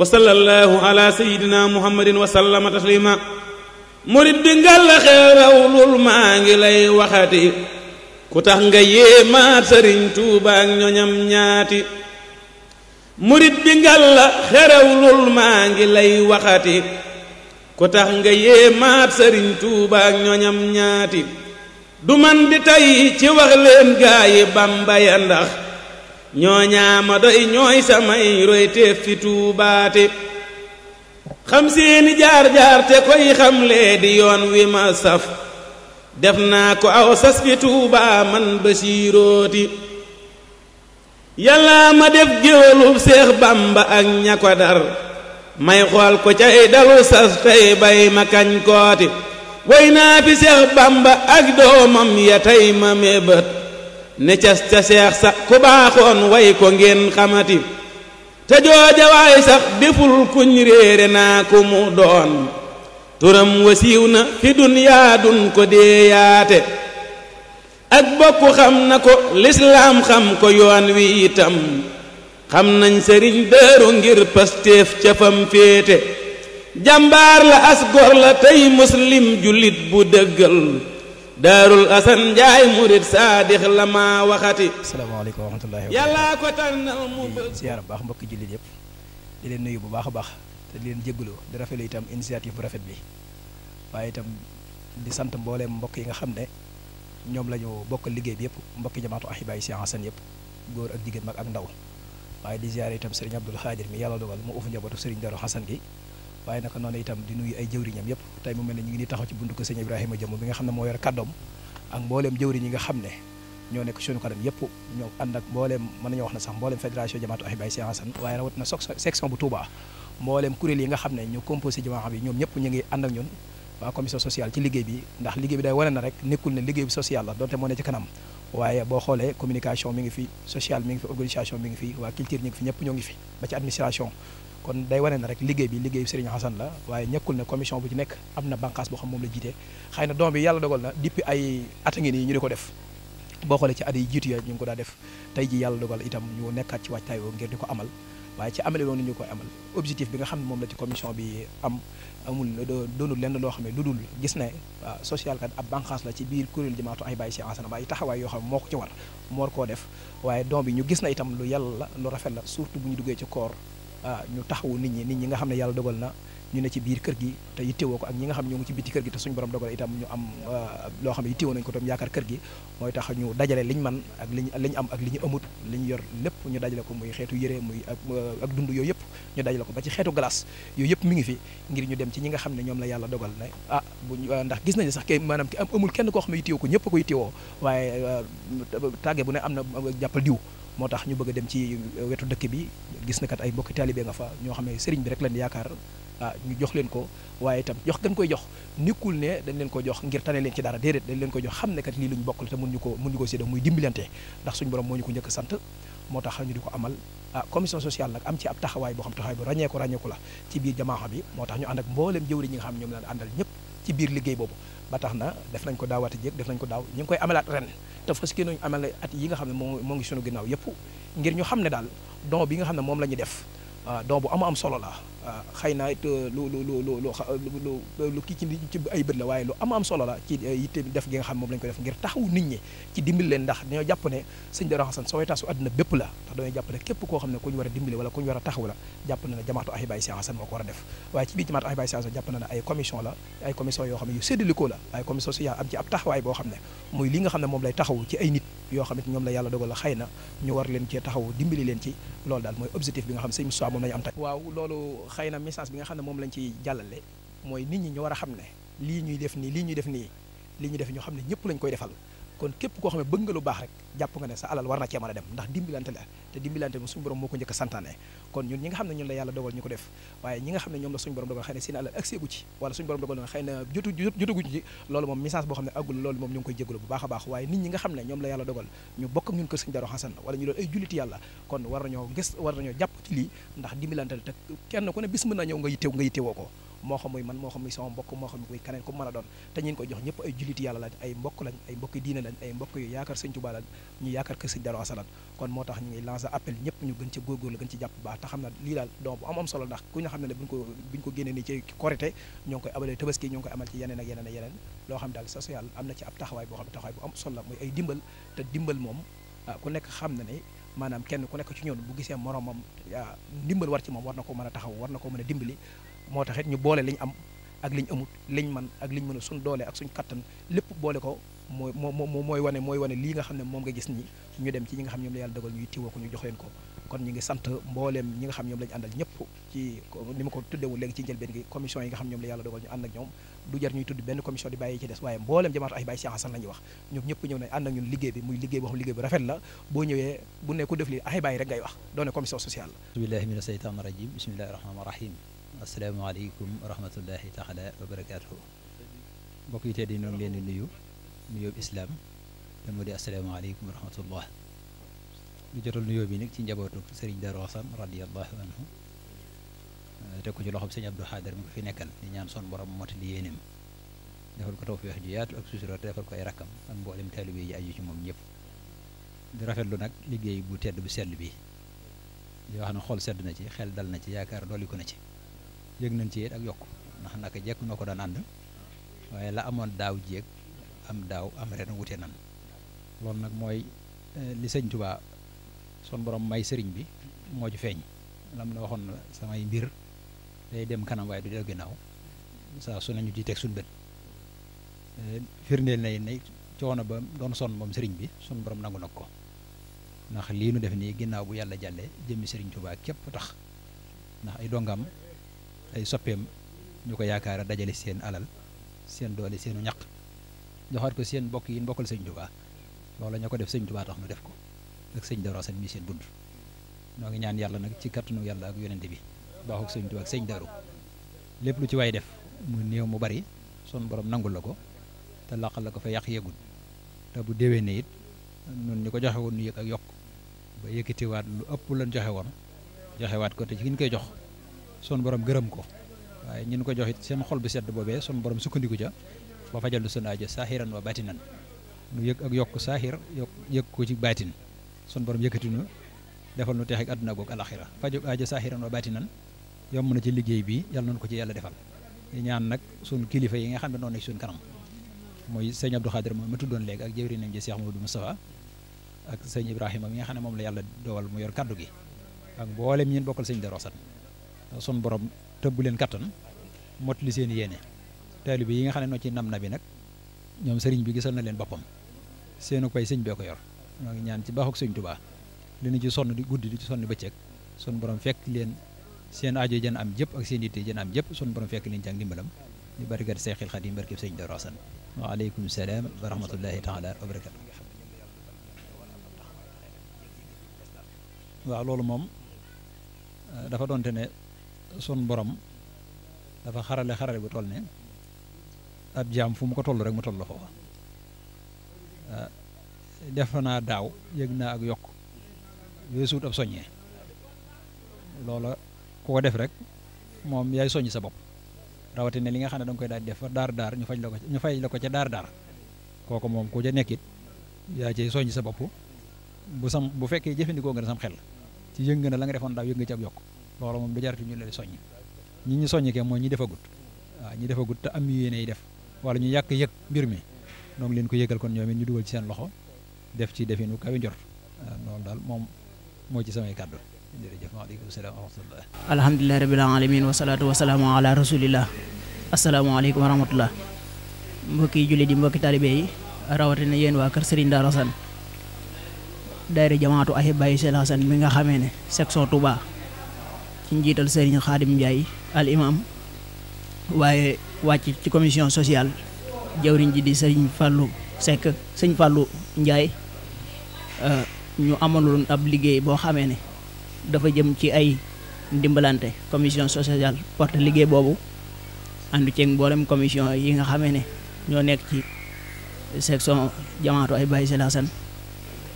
wa sallallahu ala sayidina muhammadin wa sallama taslima murit bi nga la maa ngi lay waxati ku tax nga yéemaat sëriñ tuuba ak ñoñam ñaati murit bi nga la maa ngi lay waxati ku tax nga yéemaat sëriñ tuuba ak ñoñam ñaati du man di tey ci wax leen gaa bamba ya ndax ñoo ñaama doy ñooy samay roy teef fi tuubaate xam seeni jaar-jaar te koy xamlee di yoon wi ma saf def naa ko aw sas fi tuubaa man basiirooti yàlla ma def géwalub seex bàmba ak ña ko dar may xool ko cay dalu sas tey bay ma kañ kooti way naa seex bàmba ak doomam ya tey ma mébët ne ca seex sa ku baaxoon way ko ngeen xamati te jooja sax deful kuñ réere naa ku mu doon turam wasiiw na fi dunyaa dun ko deeyaate ak bokk xam na ko lislaam xam ko yoon wi itam xam nañ sëriñ dëru ngir pasteef ca fam féete jàmbaar la as gor la tey muslim jullit bu dëggal daarul asan njaay murit saadix la maa waxati. salaamaaleykum wa rahmatullahi wa yàllaa ko tànnal mu bëgg. siyaara bu baax mbokki jullit yëpp di leen nuyu bu baax a baax te di leen jégalu di lu itam initiative bu rafet bi waaye itam di sant mbooleem mbokk nga xam ne ñoom la ñu bokk liggéey bi yëpp mbokki jamaatu ahibaay si asan yëpp góor ak jigéen mag ak ndaw waaye di ziare itam sëriñ Abdul Xaadir mi yàlla dogal mu uuf njabootu sëriñ Daaru Xasan gi. waaye naka noonu itam di nuyu ay jëwriñam yëpp tey mu mel ne ñu ngi ni taxaw ci buntu ko sëñ Ibrahima Jëmm bi nga xam ne nga xam ne ñoo nekk suñu kanam yëpp ñoo ànd ak mbooleem wax na sax mbooleem fédération jamaatu ahibay si Hassane waaye rawat na section bu Touba mbooleem yi nga xam ne ñu composé jamaa bi ñoom ñëpp ñu ngi ànd ak ñun waa ci liggéey bi ndax liggéey bi day wane na rek nekkul ne liggéey bi social la donte moo ne waaye communication mi ngi fi social mi ngi fi organisation mi ngi fi waa culture ñi ngi fi ñëpp ñoo ngi fi ba ci administration kon day wane na rek liggéey bi liggéey Serigne Hassan la waaye ñekkul ne commission bu ci nekk am na bànqaas boo xam moom la jiite xëy na doom bi yàlla dogal na depuis ay at ngi nii ko def boo xoolee ci at yi jiitu ya ñu ngi ko daa ji yàlla dogal itam ñu nekkaat ci waajtaay woo ngir di ko amal waaye ci amale woon amal objectif bi nga xam ne moom la ci commission bi am amul doonu lenn loo xam ne lu dul gis ne ah, social kat ab la ci biir kuréel jamaatu ay bàyyi si ansana waaye taxawaay yoo xam moo ko ci war moor koo def waaye doom bi ñu gis na itam lu yàlla la lu rafet la surtout bu ñu duggee ci koor ah ñu taxawu nit ñi nit ñi nga xam ne yàlla dogal na ñu ne ci biir kër gi te yittewoo ko ak ñi nga xam ne ñoo ci biti kër gi te suñu borom dogal itam ñu am ah, loo xam ne yittewoo nañu ko yaakaar kër gi mooy tax ñu dajale li ñu man ak liñ li am ak li ñu amut li ñu yor lépp ñu dajale ko muy xeetu yére muy ah, dund yooyu yëpp ñu dajale ko ba ci xeetu glace yooyu yëpp mi ngi fi ngir ñu dem ci ñi nga xam ne ñoom la yàlla dogal ne ah bu ah, ndax gis nañu sax kay maanaam ki am amul kenn koo xam ne yittewoo ko ñëpp a ko yittewoo waaye tàggee bu ne am na jàppal diw moo tax ñu bëgg dem ci wetu dëkk bi gis na kat ay mbokki taalibe nga fa ñoo xam ne sëriñ bi rek lañ yaakaar ah ñu jox leen ko waaye itam jox gën koy jox nikkul ne dañ leen ko jox ngir tane leen ci dara déedéet dañ leen ko jox xam ne kat lii lu ñu bokk la te mun ñu ko mun ñu ko séddoo muy dimbalante ndax suñu borom moo ko njëkk sant moo tax ñu di ko ah, nag am ci ab taxawaay boo xam taxawaay bu ràññeeku ràññeeku la ci biir jamaaxa bi moo tax ñu ànd ak mbooleem jëwri ñi nga xam ñoom la àndal ñëpp ci biir liggéey boobu ba tax na def nañ ko daawaati jéeg def nañ ko daaw ñu ngi koy amalaat ren te fas yéene nañu amale at yi nga xam ne moo moo ngi sunu ginnaaw yëpp ngir ñu xam ne daal don bi nga xam ne moom la ñu def ah, don bu am am solo la xëy na euh, lu lu lu lu lu kii ci ay bët la waaye lu am am solo la ci euh, yitte def gi nga xam moom la ñu ko def ngir taxawu nit ñi ci dimbali leen ndax dañoo jàpp ne sëñ Darou Hassane sooy tasu àdduna bépp la ndax dañoo jàpp ne képp koo xam ne ku ñu war a dimbali wala ku ñu war a taxaw la jàpp na ne jamaatu Ahibahil Cheikh Hassane moo ko war a def waaye ci biir jamaatu Ahibahil Cheikh Hassane jàpp na ne ay commission la ay commission yoo xam ne yu séddalikoo la ay commission si yaa am ci ab taxawaay boo xam ne muy li nga xam ne moom lay taxaw ci ay nit yoo xam ne ñoom la yàlla dogal la xëy na ñu war leen cee taxaw dimbali leen ci loolu daal mooy objectif bi nga xam ne sëñ Moussa moom lañu am tey waaw loolu xëy na message bi nga xam ne moom lañ ciy jàllale mooy nit ñi ñu war a xam ne lii ñuy def nii lii ñuy def nii li ñuy def ñoo xam ne ñëpp lañ koy defal kon képp koo xam ne bëgg nga lu baax rek jàpp nga ne sa alal war na cee mën a dem ndax dimbilante la te dimbilante a santaane kon ñun ñi nga xam ne ñun la yàlla dogal ñu ko def waaye ñi nga xam ne ñoom la suñu borom dogal xëy na seen alal agsi gu a baax te kenn ku ne bis mën na ñëw nga nga yittewoo ko moo xam muy man moo xam muy sama mbokk moo xam muy keneen ku mën a doon te ñun koy jox ñëpp ay julliti yàlla lañ ay mbokk lañ ay mbokk diine lañ ay mbokk yu yaakaar sëñ Tuubaa lañ ñu yaakaar kër sëñ Daaru Asan kon moo tax ñu ngi lancé appel ñëpp ñu xam ne ko buñ ko na dimbal te dimbal moom ah, ku nekk xam na ne maanaam kenn ku nekk ci ñoom bu gisee moromam ah, ndimbal war ci moom war na ko mën a taxaw war na ko mën a dimbali moo tax it ñu boole li ñu am ak li ñu amut li ñu man ak li ñu suñ doole ak suñ kattan lépp boole ko mooy moo mooy wane mooy wane lii nga xam ne moom nga gis nii ñu dem ci ñi nga xam ñoom la yàlla dogal ko ñu jox leen ko kon ñu ngi sant nga xam ñoom la ñu àndal ci ni ma ko tuddewu léegi ci njëlbeen gi commission yi nga xam ñoom la yàlla dogal ñu ànd ak ñoom du jar ñuy tudd benn commission di bàyyi ci des waaye mbooleem jamaatu ay baay Cheikh Hassane la ñuy wax ñoom ñëpp ñëw nañ ànd ak ñun liggéey bi muy liggéey boo xam asalaamaaleykum wa rahmatullahi taala wa barakaatuhu mbokk yi tey di leen di nuyu nuyoo islaam te mu di asalaamaaleykum wa rahmatullah lu jotal nuyoo bi nag ci njabootu sëriñ Darou Assane radiallahu anhu teg ko ci loxoom sëñ Abdou Xaadar mi ko fi nekkal di ñaan son borom mottali yéeneem defal ko tawfiix ju yaatu ak sutura te defal ko ay rakkam ak mboolem taalibe ji aju ci moom ñëpp di rafetlu nag liggéey bu tedd bu sell bi yoo xam ne xool sedd na ci xel dal na ci yaakaar dolli na ci yëg nañ ci it ak yokk ndax naka jekk noo ko daan ànd waaye la amoon daaw jéeg am daaw am ren wute nan loolu nag mooy eh, li sëñ Tuubaa son borom may sëriñ bi moo ci feeñ lam la waxoon samay mbir day dem kanam waaye du del ginnaaw saa su nañu di teg suñ bët eh, firndeel na ne coono ba doon son moom sëriñ bi son borom nangu nag ko ndax lii nu def nii ginnaaw bu yàlla jàlle jëmmi sëriñ Tuubaa képp tax ndax ay dongam ay soppeem ñu ko yaakaar a dajale seen alal seen doole seenu ñaq joxaat ko seen mbokk yi mbokkal sëñ Tuubaa loola ñoo ko def sëñ Tuubaa tax nu def ko ak sëñ Darou Assane mi seen bunt noo ngi ñaan yàlla nag ci kattanu yàlla ak yonente bi baaxul sëñ Tuubaa ak sëñ lépp lu ci waay def mu néew mu bari son borom nangu la ko te laqal la ko fa yàq yegul te bu ne it noonu ñu ko joxe woon nu yëg ak yokk ba yëkkatiwaat lu ëpp la joxe woon joxewaat ko te ci ki ñu koy jox. sun borom gërëm ko waaye ñun ko joxit seen xol bu sedd boobee sun borom sukkandiku ja ba fajal sun aja sahiran wa batinan nu yëg ak yokk sahir yok yëg ko ci batin sun borom yëkkati nu defal nu teex ak àdduna goog fa fajal aja sahiran wa batinan yom na ci liggéey bi yalla nañ ko ci yalla defal ñaan nak sun kilifa yi nga xamne non ci sun kanam moy seigne Abdou Khadir mo ma tuddoon leg ak nañ ji Cheikh Mamadou Moustapha ak seigne Ibrahima mi nga xamne mom la yalla mu yor kaddu gi ak mboolem ñeen seigne de sun borom tëbbu len katan motli seen yene talibi yi nga xam no ci nam na bi nag ñoom sëriñ bi gisal na len bopam seenu koy serigne be ko yor noo ngi ñaan ci baxuk serigne Tuubaa li ni ci sonn di guddi ci sonn beccek sun borom fekk len seen aajo jën am jep ak seen yitte am jep sun borom fekk leen ci ak di barikat Seexil khadim barke serigne Daaru Asan wa alaykum salam wa rahmatullahi taala wa barakatuh wa loolu mom dafa doonte ne son borom dafa xarale xarale bu toll ne ab jaam fu mu ko toll rek mu toll foofa ah, def naa daaw yëg naa ak yokk weesuut ab soññee loola koo def rek moom yaay soññ sa bopp rawatina li nga xam ne danga koy daal def fa daar daar ñu faj la ko ñu faj la ko ca daar daar kooku moom ku ca nekkit yaa cay soññ sa bopp bu sam bu fekkee jëfandikoo nga ne sam xel ci yëng na la nga defoon daaw yëg nga ci ak yokk loolu mom du jartu ñu leen soñ ñi ñi soñ ke moy ñi defagut waaw ñi defagut ta am yéene def wala ñu yak yek mbir mi nok leen ko yegal kon ñoom ñu duggal ci seen loxo def ci definu kawi njort non dal mom mo ci samay kàddu jërëjëf alaykum salaam wa rahmatullah alhamdulillah rabbil alamin wa salam ala rasulillah alaykum wa rahmatullah yi julli di mbokk talibey rawati na yeen wa kër Serigne daire jamaatu ahibaayi sel Assane mi nga xamee ne section Touba ci njiital Serigne Khadim Ndiaye al imam waaye wàcc ci commission sociale jawriñ ji di Serigne Fallou Seck sëñ Fallou Ndiaye euh, ñu amaloon ab liggéey boo xamee ne dafa jëm ci ay ndimbalante commission sociale porte liggéey boobu àndu ceeg mboolem commission yi nga xamee ne ñoo nekk ci section jamaatu ay Baye Selassane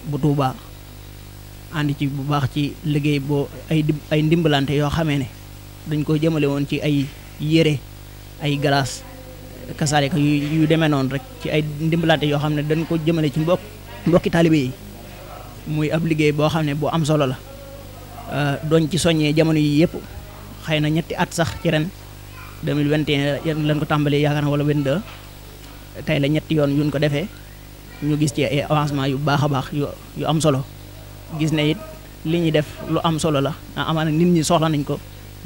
bu Touba. andi ci bu baax ci liggéey bo ay ay ndimbalante yoo xamee ne dañ ko jëmale woon ci ay yére ay glace kasaalika yu yu demee noonu rek ci ay ndimbalante yoo xam ne dañ ko jëmale ci mbokk mbokki talibé yi muy ab liggéey boo xam ne bu am solo la euh, doon ci soññee jamono yi yépp xëy na ñetti at sax ci ren 2021 lañ ko tàmbalee yaakaar na wala 22 tey la ñetti yoon yuñ ko defee ñu gis ci ay avancement yu baax a baax yu yu am solo gis ne it li ñuy def lu am solo la amaana nit ñi soxla nañ ko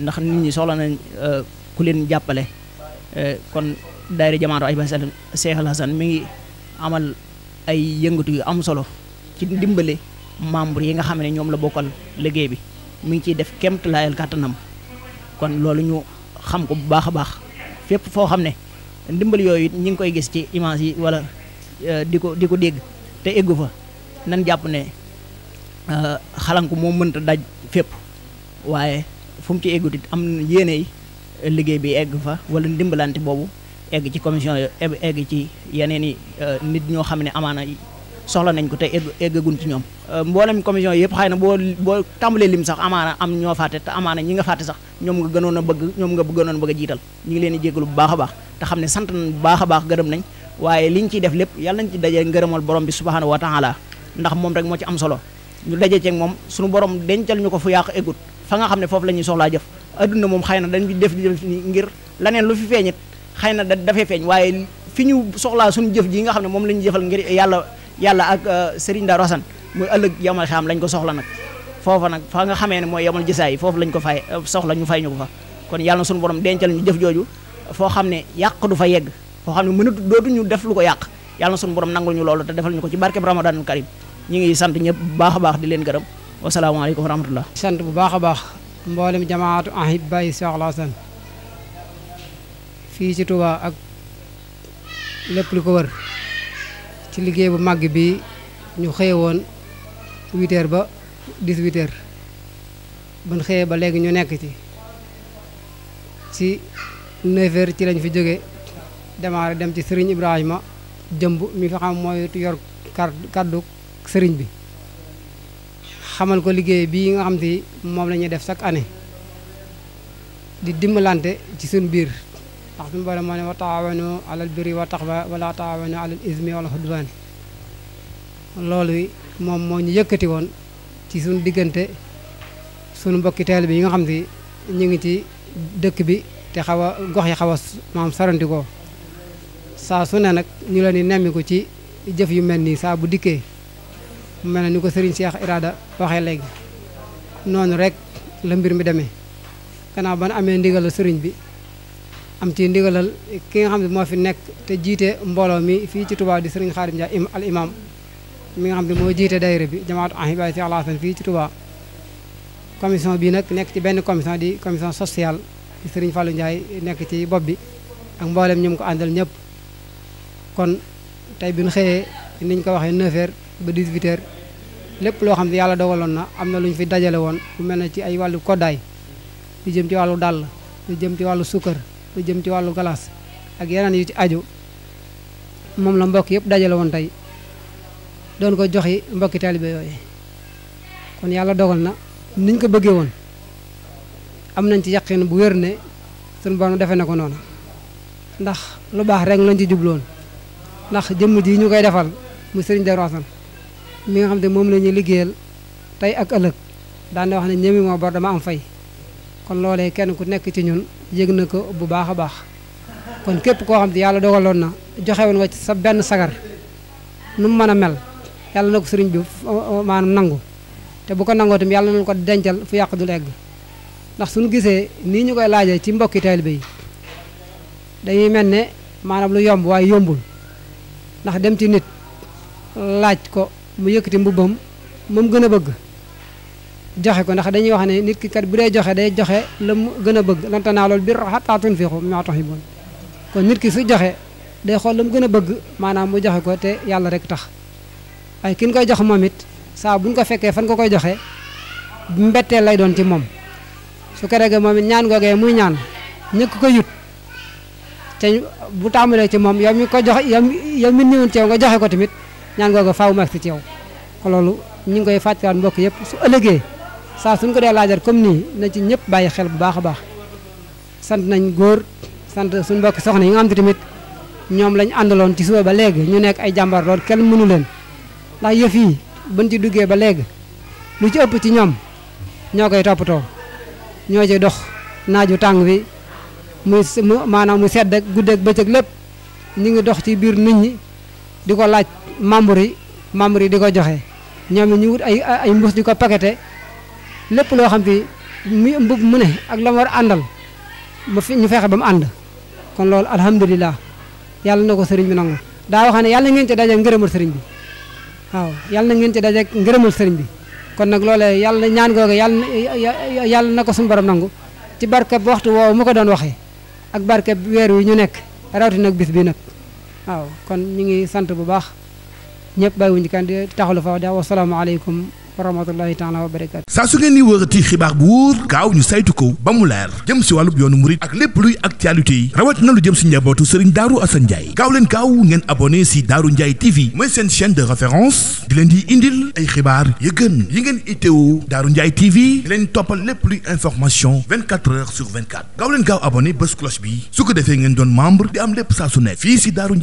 ndax nit ñi soxla nañ euh, ku leen jàppale euh, kon daayira jamaatu ay bas Cheikh Alassane mi ngi amal ay yëngatu yu am solo ci ndimbali membre yi nga xam ne ñoom la bokkal liggéey bi mu ngi ciy def kemt laayal kàttanam kon loolu ñu xam ko bu baax a baax fépp foo xam ne ndimbal yooyu it ñi ngi koy gis ci image yi wala euh, di ko di ko dégg te éggu fa nan jàpp ne Euh, xalanku moo mënta daj fépp waaye fu ci eggut am na yéene liggéey bi egg fa wala ndimbalante boobu egg ci commission egg ci yeneen i euh, nit ñoo xam ne amaana soxla nañ ko te egg eggagun ci ñoom. Euh, mboolem commission yëpp xëy na boo boo tàmbalee lim sax amaana am ñoo fàtte te amaana ñi nga fàtte sax ñoom nga gënoon a bëgg ñoom nga gënoon a bëgg a jiital ñu ngi leen di jégalu bu baax a baax te xam ne sant bu baax a baax gërëm nañ waaye liñ ciy def lépp yàlla nañ ci daje ngërëmal borom bi subhaanahu wa taala ndax moom rek moo ci am solo. ñu daje ceeg moom suñu borom dencal ñu ko fu yàq eggut fa nga xam ne foofu la ñuy soxlaa jëf adduna moom xëy na dañu def def ngir laneen lu fi feeñit xëy na da dafee feeñ waaye fi ñu soxlaa suñu jëf ji nga xam ne moom la ñu jëfal ngir yàlla yàlla ak euh, Serigne Darou Assane muy ëllëg yamal xaam lañ ko soxla nag foofa nag fa nga xamee ne mooy yamal gisaay foofu lañ ko fay euh, soxla ñu fay ñu ko fa kon yàlla na suñu borom dencal ñu foo xam ne yàq du fa yegg foo xam ne mënatu dootuñu def lu ko yàq yàlla na suñu borom nangul ñu loolu te defal ñu ko ci barkeb ramadanul karim ñi ngi sant ñëpp bu baax baax di leen gërëm wa salaamu alaykum wa rahmatullah sant bu baax baax mbolim jamaatu ahibba yi sheikh lassane fi ci Touba ak lepp liko wër ci liggéey bu mag bi ñu xéewoon 8h ba 18h ban xëyee ba légui ñu nekk ci ci 9h ci lañ fi joggé démarré dem ci Serigne Ibrahima jëmb mi fi xam mooy yor kaddu sëriñ bi xamal ko liggéey bii nga xam te moom la ñuy def chaque année di dimbalante ci suñu biir ndax suñu boole moo ne wa tax alal birri wa taqwa wala taawanu alal ismi wala xudwaan loolu moom moo ñu yëkkati woon ci suñu diggante suñu mbokki teel bi yi nga xam te ñu ngi ci dëkk bi te xaw gox yi xaw a maam sarantikoo saa su ne nag ñu leen di nemmiku ci jëf yu mel nii saa bu dikkee mu mel na ni ko sëriñ Cheikh Irada waxee léegi noonu rek la mbir mi demee gannaaw ba nu amee ndigalal sëriñ bi am ci ndigalal ki nga xam ne moo fi nekk te jiite mbooloo mi fii ci Touba di sëriñ Xaadim Njaay al imam mi nga xam ne moo jiite daayira bi jamaatu ahibaay si alaasan fii ci Touba commission bii nag nekk ci benn commission di commission social di sëriñ Fallou Ndiaye nekk ci bopp bi ak mbooleem ñu mu ko àndal ñëpp kon tey bi ñu xëyee niñ ko waxee 9 ba 18 h lepp lo xamni yalla dogalon na amna luñ fi dajale won bu melni ci ay walu koday di jëm ci walu dal di jëm ci walu sukkar di jëm ci walu glace ak yenen yu ci aju mom la mbokk yep dajale won tay don ko joxi mbokk talibé yoy kon yalla dogal na niñ ko bëggee won am nañ ci yaqeen bu wërne sun suñu defé nako na ndax lu baax rek lañ ci jubloon ndax jëm ji ñu koy defal mu serigne Darou mi nga xamne mom lañu la liggéeyal tey ak ëllëg daan wax ne ñëmi mo bor dama am fay kon loolee kenn ku nekk ci ñun yëg na ko bu baaxa baax kon képp koo xam ne yàlla na joxe woon ci sa benn sagar nu mel yàlla na ko sëriñ bi maanaam nangu te bu ko nangoo tam yàlla nañu ko dencal fu yàq dul egg ndax suñu gisee nii ñu koy laajee ci mbokki bi dañuy mel ne maanaam lu yomb waaye yombul ndax dem ci nit laaj ko mu yëkk ti yëkkati mbubbam moom gën a bëgg joxe ko ndax dañuy wax ne nit ki kat bu dee joxe day joxe la mu gën a bëgg lan tanaalul birra hattaa tunfiqu mimmaa tuhibbuun kon nit ki su joxe day xool la gën a bëgg maanaam mu joxe ko te yàlla rek tax waaye ki ñu koy jox moom it saa buñ ko fekkee fan ko koy joxe mbetteel lay doon ci moom su ko regee moom it ñaan googee muy ñaan ñëkk ko yut te bu tàmbalee ci moom yow mi ko jox yow mi ñëwoon teew nga joxe ko tamit ñango googa faaw mak ci yow ko lolu ñing ngi koy fàttiwaat mbokk yëpp su ëlëgé sa suñ ko dé laajar comme ni na ci ñëpp bàyyi xel bu baaxa baax sant nañ goor sant suñ mbokk soxna yi nga am te tamit ñom lañ andalon ci suba ba léegi ñu nekk ay jambar lool kel mënu leen la yëf yi bën ci duggé ba léegi lu ci ëpp ci ñom ñokay topato ñoo ci dox naaju tang bi muy manam mu sedd ak guddeeg bëccëg lépp ñu ngi dox ci bir nit ñi diko laaj membre yi membre yi di joxe ñoom ñu wut ay ay mbuss di paqueté lepp lo xam te mi mbub mu ne ak la war andal mu ñu fexé bam and kon lool alhamdullilah yalla nako serigne bi nang da waxane yalla ngeen ci daje ngeureumul serigne bi waaw yalla ngeen ci ngeureumul serigne bi kon nak yal yalla ñaan goge yalla yalla nako sun borom nangu ci barkeb waxtu wo mu ko doon waxee ak barkeb wër wi ñu nek rawti nak bis bi nak waaw kon ñu ngi sant bu baax ñëpp bàyyiwuñu kan di taxalu fa wax wasalaamaaleykum wa rahmatullahi taala wa barakaatu saa su ngeen di wërati xibaar bu wóor gaaw ñu saytu ko ba mu leer jëm si wàllub yoonu murit ak lépp luy actualité yi rawat na lu jëm si njabootu sëriñ Daaru Asan Njaay gaaw leen gaaw ngeen abonné si Daaru Njaay TV mooy seen chaîne de référence di leen di indil ay xibaar yu gën yi ngeen itteewu Daaru Njaay TV di leen toppal lépp luy